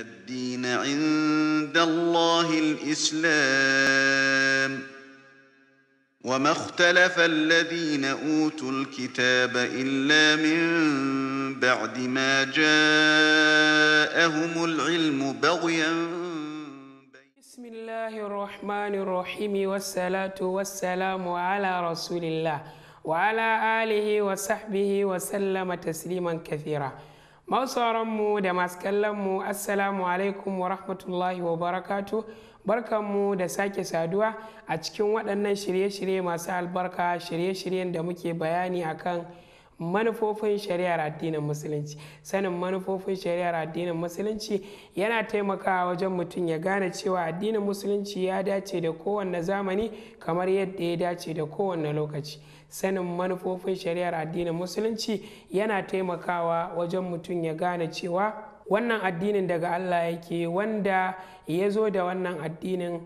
الدين عند الله الإسلام وما اختلف الذين أوتوا الكتاب إلا من بعد ما جاءهم العلم بغيا بسم الله الرحمن الرحيم والصلاة والسلام على رسول الله وعلى آله وصحبه وسلم تسليما كثيرا mu da masu kallonmu assalamu alaikum wa rahmatullahi wa barakatu barkanmu da sake saduwa a cikin waɗannan shirye-shirye masu albarka shirye-shiryen da muke bayani akan kan manufofin shari'ar addinin musulunci sanin manufofin shari'ar addinin musulunci yana taimakawa wajen mutum ya gane cewa addinin musulunci ya dace da kowanne zamani kamar yadda ya dace da kowanne lokaci sanin manufofin shari'ar addinin musulunci yana taimakawa wajen mutum ya gane cewa wannan addinin daga allah yake wanda ya zo da wannan addinin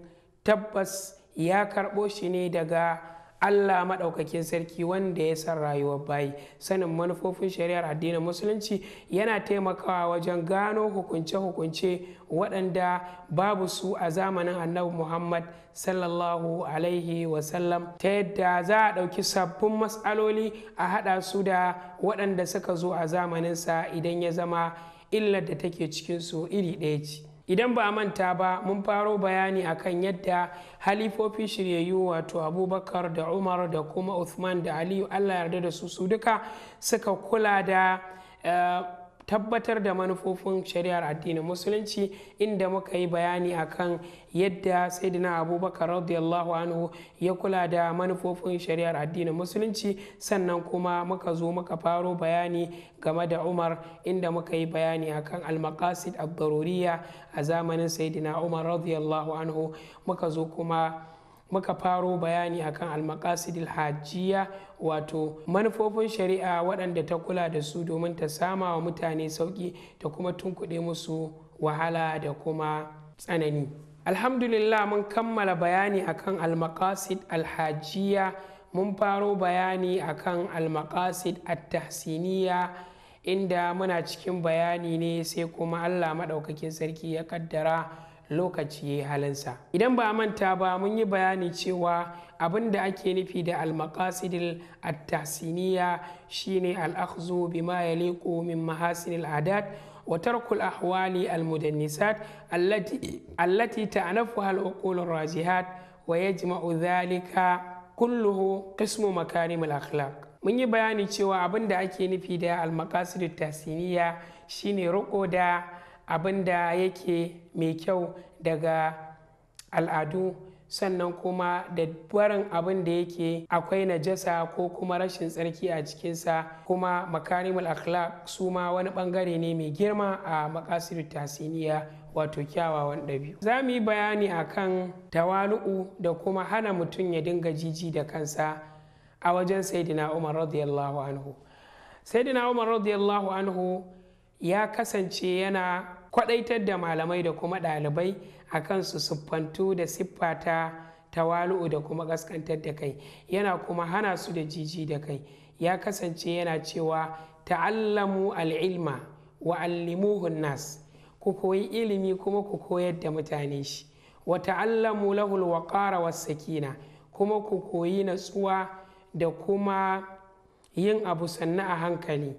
tabbas ya karɓo shi ne daga Allah maɗaukakin sarki wanda ya san rayuwar bayi sanin manufofin shari'ar addinin musulunci yana taimakawa wajen gano hukunce-hukunce waɗanda babu su a zamanin annabi muhammad sallallahu alaihi wasallam ta yadda za a ɗauki sabbin matsaloli a haɗa su da waɗanda suka zo a zamaninsa idan ya zama illar da take cikinsu iri ɗaya ce idan ba manta ba mun faro bayani akan yadda halifofi shiryayyu wato abubakar da umar da kuma uthman da aliyu allah yarda da su su duka suka kula da eh, tabbatar da manufofin shari'ar addinin musulunci inda muka yi bayani akan yadda saidina abubakar radiyallahu anhu ya kula da manufofin shari'ar addinin musulunci sannan kuma muka zo muka faro bayani game da umar inda muka yi bayani akan almakasid abdaruriya a zamanin saidina umar radiyallahu anhu muka zo kuma muka faro bayani akan almakasidil hajjiya wato manufofin shari'a waɗanda ta kula da su domin ta sama wa mutane sauƙi ta kuma tunkuɗe musu wahala da kuma tsanani alhamdulillah mun kammala bayani akan almakasid alhajiya mun faro bayani akan almakasid attahsiniya inda muna cikin bayani ne sai kuma allah maɗaukakin sarki ya kaddara lokaci ya halinsa idan ba manta ba mun yi bayani cewa abin da ake nufi da almakasidil attasiniya shine al'akhzu bima liko min mahasinil adat wa tarkul ahwali almudannisat allati allati ta'nafuha al rajihat wa yajma'u dhalika kulluhu qismu makarimil akhlaq mun yi bayani cewa abin da ake nufi da almakasidu tasiniya shine roko da abin da yake mai kyau daga al'adu sannan kuma da barin abin da yake akwai najasa ko kuma rashin tsarki a cikinsa kuma makarimul akhlaq su ma wani bangare ne mai girma a makasir tasiniya wato kyawawan ɗabi'u za mu yi bayani a kan tawalu'u da kuma hana mutum ya dinga jiji da kansa a wajen saidina umar radiyallahu anhu saidina umar radiyallahu anhu ya kasance yana kwadaitar da malamai da kuma ɗalibai a kan su siffantu da siffata ta tawalu'u da kuma ƙaskantar da kai yana kuma hana su da jiji da kai ya kasance yana cewa ta'allamu al'ilma wa allimuhun nas ku koyi ilimi kuma ku koyar da mutane shi wa ta'allamu lahul waqara was sakina kuma ku koyi natsuwa da kuma yin abu sannu a hankali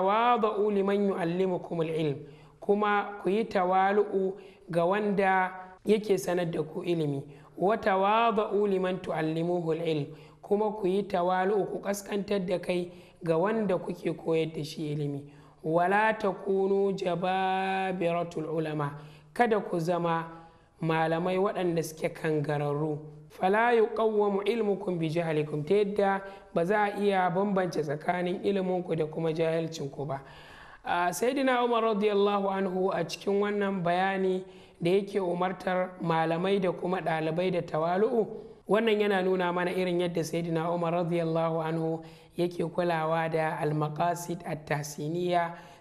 waba uli manyu yu'allimukum kuma ilm kuma ku yi tawalu'u ga wanda yake sanar da ku ilimi waba uli liman tu'allimuhu al-ilm kuma ku yi tawalu'u ku kaskantar da kai ga wanda kuke koyar da shi ilimi wala takunu jababiratul ulama kada ku zama malamai waɗanda suke kangararru fala ƙawwamu ilmukum bi jahlikum ta yadda ba za a iya bambance tsakanin ilminku da kuma jahilcinku ba saidina umar radiyallahu anhu a cikin wannan bayani da yake umartar malamai da kuma ɗalibai da tawalu'u wannan yana nuna mana irin yadda saidina umar radiyallahu anhu yake kulawa da almakasid at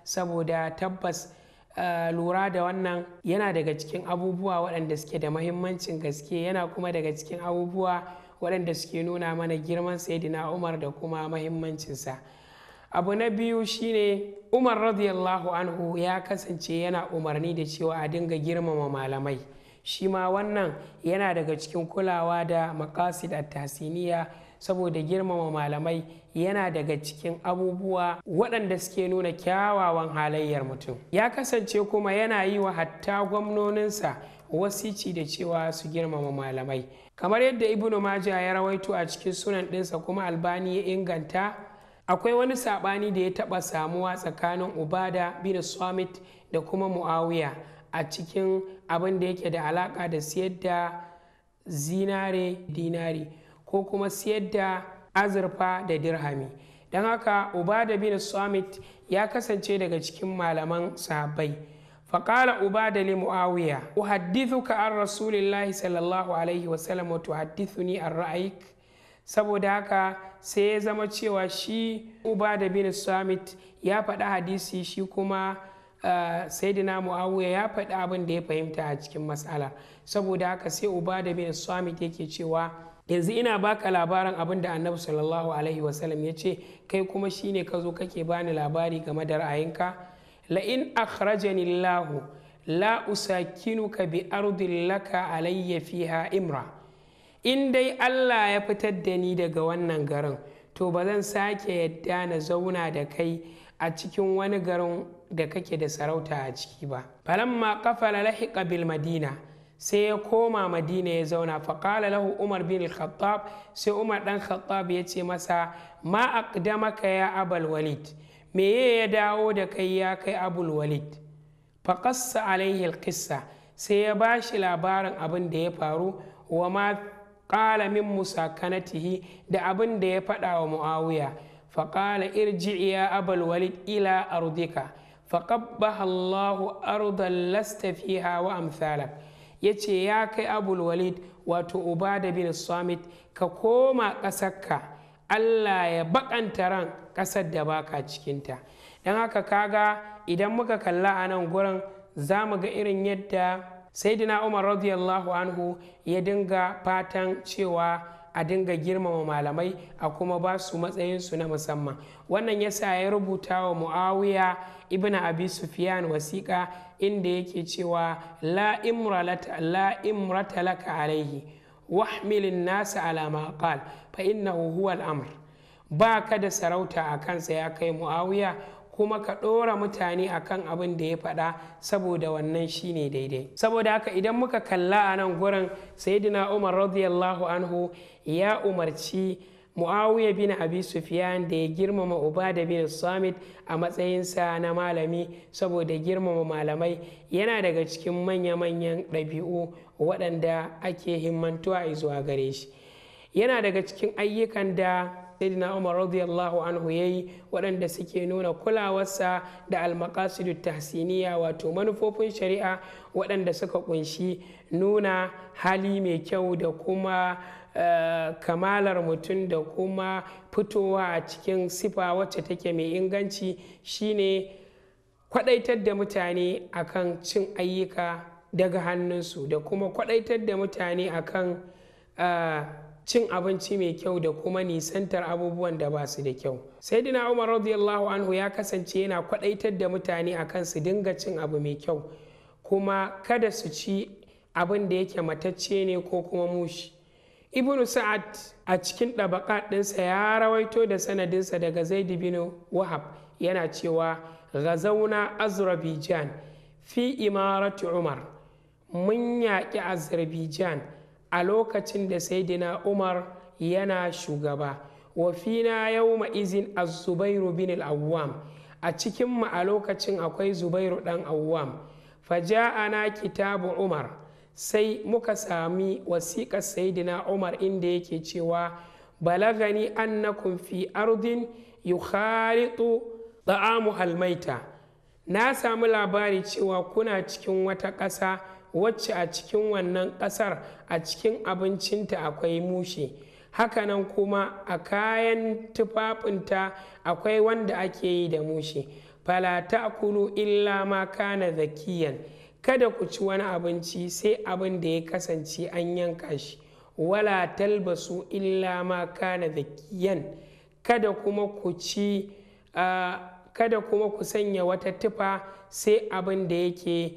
saboda tabbas Eh, lura da wannan yana daga cikin abubuwa waɗanda suke da mahimmancin gaske yana kuma daga cikin abubuwa waɗanda suke nuna mana girman sayidina umar da kuma mahimmancinsa abu na biyu shine umar radiyallahu anhu ya kasance yana umarni da cewa a dinga girmama malamai shi ma wannan yana daga cikin kulawa da makasid at saboda girmama malamai yana daga cikin abubuwa waɗanda suke nuna kyawawan halayyar mutum ya kasance kuma yana yi wa hatta gwamnoninsa wasici da cewa su girmama malamai kamar yadda ibnu maja ya rawaito a cikin sunan ɗinsa kuma albani ya inganta akwai wani saɓani da ya taɓa samuwa tsakanin ubada bin swamit da kuma muawiya a cikin abin da yake da alaƙa da siyar da zinare dinari ko kuma siyar da azurfa da dirhami don haka ubada bin summit ya kasance daga cikin malaman sahabbai faƙala ubada li mu'awiya ka an rasulillahi sallallahu alaihi wasallam wa ni an ra'ayik saboda haka sai ya zama cewa shi ubada bin summit ya faɗi hadisi shi kuma eh, saidina muawiya ya faɗi abin da ya fahimta a cikin matsala saboda haka sai ubada bin summit yake cewa yanzu ina baka labarin abin da annabi sallallahu alaihi wasallam ya ce kai kuma shine ka zo kake bani labari game da ra'ayinka la'in akhrajani lahu la usakinuka bi ardil laka alayya fiha imra in dai Allah ya fitar da ni daga wannan garin to ba zan sake yadda na zauna da kai a cikin wani garin da kake da sarauta a ciki ba falamma qafala lahiqa bil madina sai ya koma madina ya zauna faƙala lahu umar bin khattab sai umar ɗan khattab ya ce masa ma aqdamaka ya abal walid meye ya dawo da kai ya kai abul walid faƙassa alaihi alƙissa sai ya bashi labarin abin da ya faru wa ma ƙala min musakanatihi da abin da ya faɗa wa mu'awiya faƙala irji ya abal walid ila ardika faƙabbaha allahu ardan lasta fiha wa amthalak ya ce ya kai abulwalid walid wato da bin samit ka koma ƙasarka allah ya bakanta ran ƙasar da baka cikinta don haka kaga idan muka kalla a nan gurin za mu ga irin yadda saidina umar radiyallahu anhu ya dinga fatan cewa a dinga girmama malamai a kuma ba su matsayinsu na musamman wannan ya sa ya rubuta wa muawiya ibn abi sufyan wasiƙa inda yake cewa la imrata la imrata laka alaihi wahmilin nasa ala ma qal fa innahu huwa al-amr ba ka da sarauta a kansa ya kai muawiya kuma ka ɗora mutane akan abin da ya faɗa saboda wannan shine daidai saboda haka idan muka kalla a nan gurin sayyidina umar radiyallahu anhu ya umarci muawiya bin abi sufyan da ya girmama ubada bin samit a matsayinsa na malami saboda girmama malamai yana daga cikin manya-manyan ɗabi'u waɗanda ake himmantuwa zuwa gare shi yana daga cikin ayyukan da sayyidina umar radiyallahu anhu ya yi waɗanda suke nuna kulawarsa da almakasidu tahsiniya wato manufofin shari'a waɗanda suka kunshi nuna hali mai kyau da kuma Eh, kamalar mutum da kuma fitowa a cikin sifa wacce take mai inganci shine kwadaitar da mutane akan cin ayyuka daga hannunsu da kuma kwadaitar da mutane akan eh, cin abinci mai kyau da kuma nisantar abubuwan da ba su da kyau sai dina umar radiyallahu anhu ya kasance yana kwadaitar da mutane akan su dinga cin abu mai kyau kuma kada su ci abin da yake matacce ne ko kuma mushi ibnu sa'ad a cikin ɗabaƙa ɗinsa ya rawaito da sanadinsa daga Zaidu bin wahab yana cewa zauna azerbaijan fi imarati umar mun yaƙi azerbaijan a lokacin da saidina umar yana shugaba wafina yau maizin azubairu zubairu bin al'awwam a cikinmu a lokacin akwai zubairu ɗan awwam faja'a na kitabu umar sai muka sami wasiƙar saidina umar inda yake cewa balagani annakum fi ardin yukhalitu da'amu halmaita na sami labari cewa kuna cikin wata ƙasa wacce a cikin wannan ƙasar a cikin abincinta akwai mushe hakanan kuma a kayan tufafinta akwai wanda ake yi da mushe fala kulu illa ma kana zakiyan kada ku ci wani abinci sai abin da ya kasance an yanka shi wala talbasu illa ma kana zakiyan kada kuma ku ci kada kuma ku sanya wata tufa sai abin da yake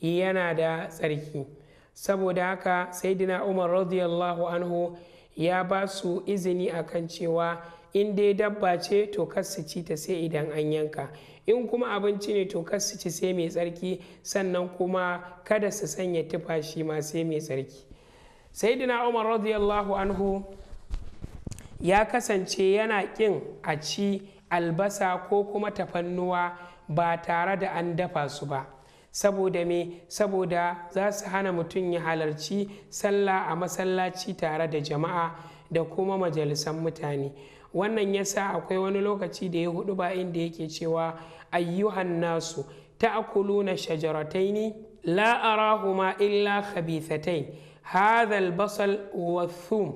yana da tsarki saboda haka saidina umar radiyallahu anhu ya ba su izini akan cewa in dai dabba ce to su ci ta sai idan an yanka in kuma abinci ne to kas ci sai mai tsarki sannan kuma kada su sanya tufa ma sai mai tsarki saidina umar radiyallahu anhu ya kasance yana kin a ci albasa ko kuma tafannuwa ba tare da an dafa su ba saboda me saboda za su hana mutum ya halarci sallah a masallaci tare da jama'a da kuma majalisan mutane wannan ya sa akwai wani lokaci da ya hudu ba inda yake cewa ayyuhan nasu ta ta'kuluna shajarataini la la'arahuma illa khabithatai hadal basal wa thum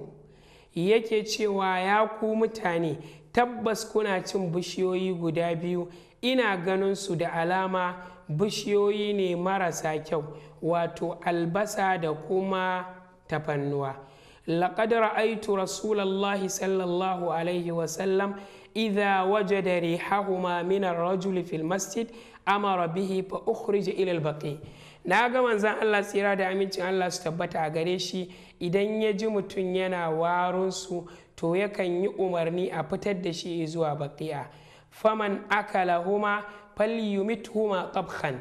yake cewa ya ku mutane tabbas kuna cin bishiyoyi guda biyu ina ganin su da alama bishiyoyi ne marasa kyau wato albasa da kuma tafannuwa لقد رأيت رسول الله صلى الله عليه وسلم إذا وجد ريحهما من الرجل في المسجد أمر به فأخرج إلى na ga manzan Allah tsira da amincin Allah su tabbata a gare shi idan ya ji mutum yana warunsu to yakan yi umarni a fitar da shi zuwa baƙi'a faman akala huma falyumit huma qabkhan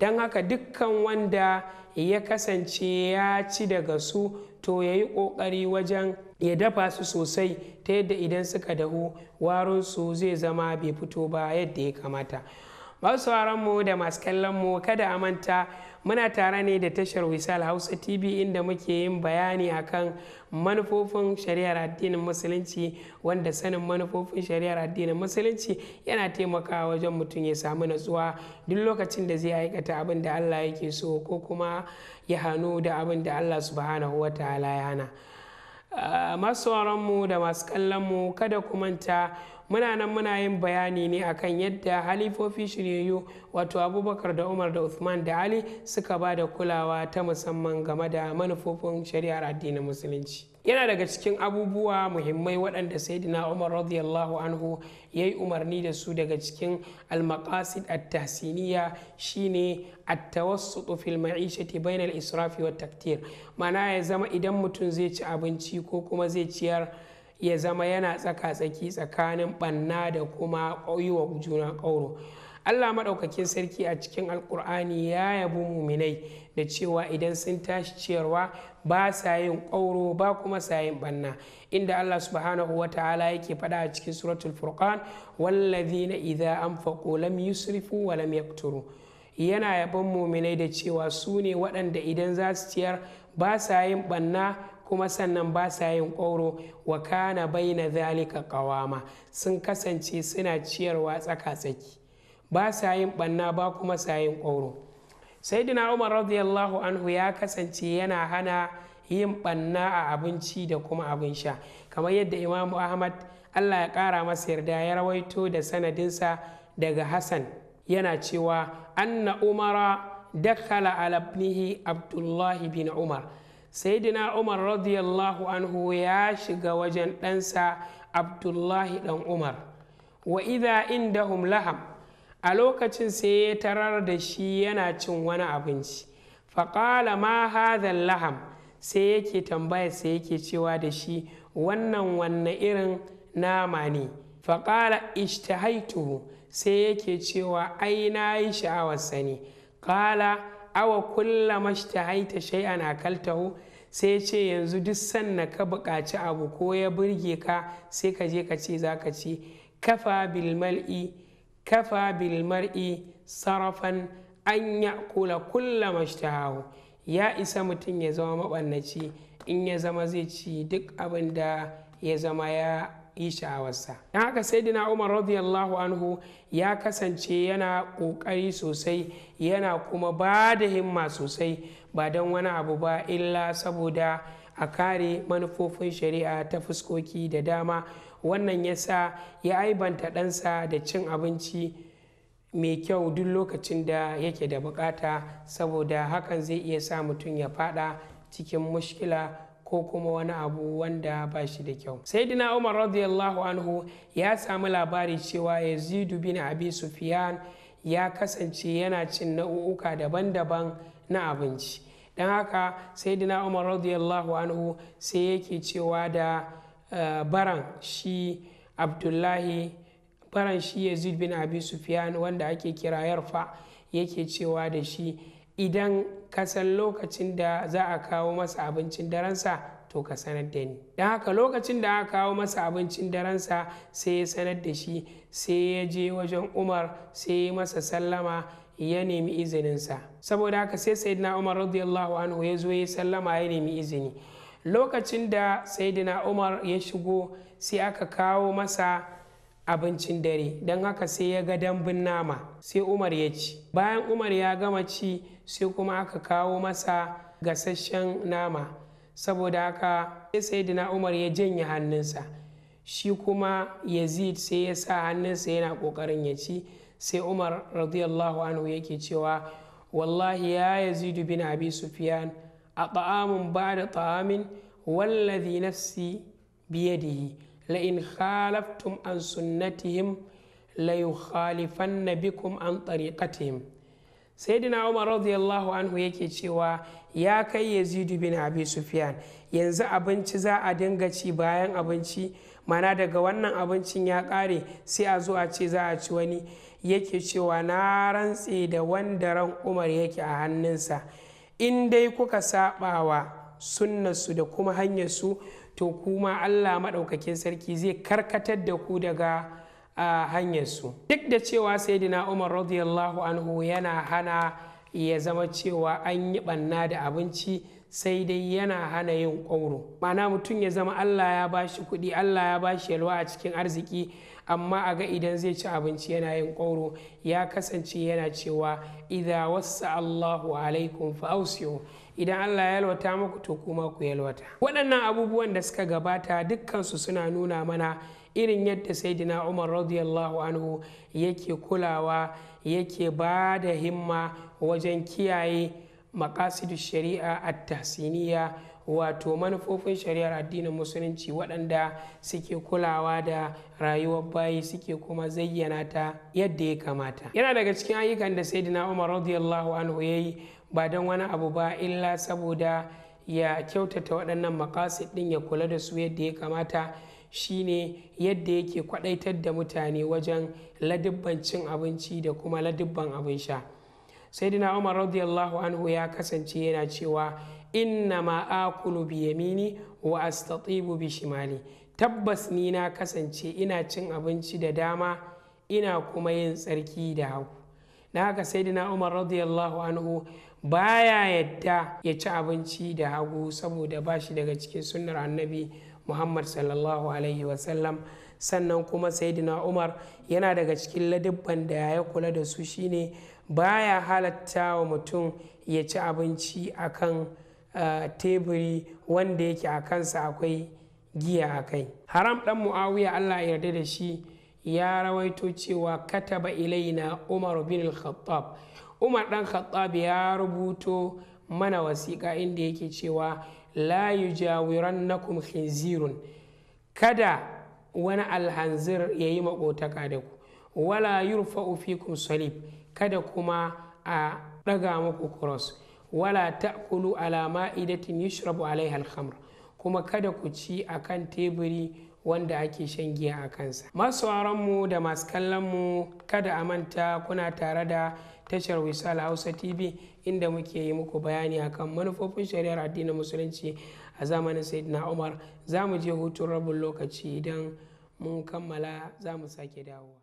don haka dukkan wanda ya kasance ya ci daga su to ya yi ƙoƙari wajen ya dafa su sosai ta yadda idan suka dahu warinsu zai zama bai fito ba yadda ya kamata masu mu da masu kallon mu kada a manta muna tare ne da tashar wisal hausa tv inda muke yin bayani akan manufofin shari'ar addinin musulunci wanda sanin manufofin shari'ar addinin musulunci yana taimakawa wajen mutum ya samu natsuwa duk lokacin da zai aikata abin da allah yake so ko kuma ya hannu da abin da allah subhanahu wa ta'ala ya hana ah, masu mu da masu kallon mu kada ku manta muna nan muna yin bayani ne akan yadda halifofi shiryayyu wato abubakar da umar da uthman da ali suka ba da kulawa ta musamman game da manufofin shari'ar addinin musulunci yana daga cikin abubuwa muhimmai waɗanda sayyidina umar radiyallahu anhu ya yi umarni da su daga cikin almakasid at-tahsiniya shine at-tawassutu fil ma'ishati bainal israfi wa taktir ma'ana ya zama idan mutum zai ci abinci ko kuma zai ciyar ya zama yana tsaka-tsaki tsakanin banna da kuma yi wa juna ƙauro allah maɗaukakin sarki a cikin alƙur'ani ya yabi muminai da cewa idan sun tashi ciyarwa ba sa yin ƙauro ba kuma sa yin banna inda allah subhanahu wa ta'ala yake faɗa a cikin suratul furqan wallazina na anfaqu lam yusrifu wa lam yakturu yana yabon muminai da cewa su ne waɗanda idan za su ciyar ba sa yin banna. kuma sannan ba sa yin ƙoro wa kana na zalika ƙawama sun kasance suna ciyarwa tsaka-tsaki ba sa yin ɓanna ba kuma sa yin ƙoro saidina umar radiyallahu anhu ya kasance yana hana yin ɓanna a abinci da kuma abin sha kamar yadda imamu ahmad allah ya ƙara masa yarda ya rawaito da sanadinsa daga hassan yana cewa anna umara dakhala ala abdullahi bin umar Saidina umar radiyallahu anhu ya shiga wajen ɗansa abdullahi ɗan umar wa idha indahum laham a lokacin sai ya tarar da shi yana cin wani abinci faƙala ma hadhal laham sai yake tambaya sai yake cewa da shi wannan wanne irin nama ne faƙala ishtahaituhu sai yake cewa ai na yi sha'awarsa ne ƙala awa kulla shai'a na nakaltahu sai ce yanzu duk sanna ka buƙaci abu ko ya burge ka sai ka je ka ce za ka ci kafa bilmal'i kafa bilmar'i sarafan an ya kula kulla mashtahahu ya isa mutum ya zama maɓannaci in ya zama zai ci duk abin da ya zama ya yi sha'awarsa don haka saidina umar radiyallahu anhu ya kasance yana ƙoƙari sosai yana kuma ba da himma sosai ba don wani abu ba illa saboda a kare manufofin shari'a ta fuskoki da dama wannan ya sa ya aibanta ɗansa da cin abinci mai kyau duk lokacin da yake da bukata saboda hakan zai iya sa mutum ya faɗa cikin mushkila ko kuma wani abu wanda ba shi da kyau sayyidina umar radiyallahu anhu ya samu labari cewa yazidu bin abi sufyan ya kasance yana cin nau'uka daban-daban na abinci don haka sayyidina umar radiyallahu anhu sai yake cewa da eh, baran shi abdullahi baran shi yazid bin abi sufyan wanda ake kira yarfa yake cewa da shi idan ka san lokacin da za a kawo masa abincin daransa to ka sanar da ni don haka lokacin da aka kawo masa abincin daransa sai ya sanar da shi sai ya je wajen umar sai ya masa sallama ya nemi izininsa saboda haka sai saidina umar radiyallahu anhu ya zo ya sallama ya nemi izini lokacin da saidina umar ya shigo sai aka kawo masa abincin dare don haka sai ya ga dambun nama sai umar ya ci bayan umar ya gama ci sai kuma aka kawo masa gasasshen nama saboda haka sai na umar ya janye hannunsa shi kuma yazid sai ya sa hannunsa yana kokarin ya ci sai umar radiyallahu anhu yake cewa wallahi ya yazidu bin abi sufyan a ta'amun ba da ta'amin wallazi nafsi biyadihi la'in khalaftum an sunnatihim khalifan na bikum an tariqatihim sayyidina umar radiyallahu anhu yake cewa ya kai yazidu bin abi sufyan yanzu abinci za a dinga ci bayan abinci mana daga wannan abincin ya kare sai a zo a ce za a ci wani yake cewa na rantse da wanda ran umar yake a hannunsa in dai kuka saɓawa sunnarsu da kuma hanyarsu to kuma allah maɗaukakin sarki zai karkatar da ku daga hanyarsu duk da cewa saidina umar radiyallahu anhu yana hana ya zama cewa an yi ɓanna da abinci sai dai yana hana yin ƙwauro ma'ana mutum ya zama allah ya ba shi kuɗi allah ya ba shi yalwa a cikin arziki amma a ga idan zai ci abinci yana yin ƙwauro ya kasance yana cewa iza wasa allahu alaikum fa'ausiyo idan Allah ya yalwata muku to kuma ku yalwata waɗannan abubuwan da suka gabata dukkansu suna nuna mana irin yadda saidina umar radiyallahu anhu yake kulawa yake ba da himma wajen kiyaye makasidu shari'a a tasiniya wato manufofin shari'ar addinin musulunci waɗanda suke kulawa da rayuwar bayi suke kuma zayyana ta yadda ya kamata yana daga cikin ayyukan da saidina umar radiyallahu anhu ya yi ba don wani abu ba illa saboda ya kyautata waɗannan makasid ɗin ya kula da su yadda ya kamata shine yadda yake kwaɗaitar da mutane wajen ladibban cin abinci da kuma ladibban abin sha saidina umar radiyallahu anhu ya kasance yana cewa inna ma akulu bi yamini wa astatibu bi shimali tabbas ni na kasance ina cin abinci da dama ina kuma yin tsarki da hagu na haka saidina umar radiyallahu anhu baya yadda ya ci abinci da hagu saboda ba shi daga cikin sunnar annabi muhammad sallallahu alaihi wasallam sannan kuma saidina umar yana daga cikin ladibban da ya kula da su shine baya halatta wa mutum ya ci abinci akan teburi wanda yake a kansa akwai giya a kai haram dan mu'awiya allah ya yarda da shi ya rawaito cewa kataba ilaina umar bin al-khattab umar dan khattab ya rubuto mana wasiƙa inda yake cewa la nakum khinzirun kada wani alhanzir ya yi makotaka da ku wala yurfa'u fikum salib kada kuma a ɗaga muku cross wala ta'kulu ala ma'idatin yushrabu alaiha al kuma kada ku ci akan teburi wanda ake shan giya a kansa masu mu da masu kallon mu kada a manta kuna tare da tashar wisal hausa tv inda muke yi muku bayani akan manufofin shari'ar addinin musulunci a zamanin sayyidina umar za mu je hutun rabin lokaci idan mun kammala za mu sake dawowa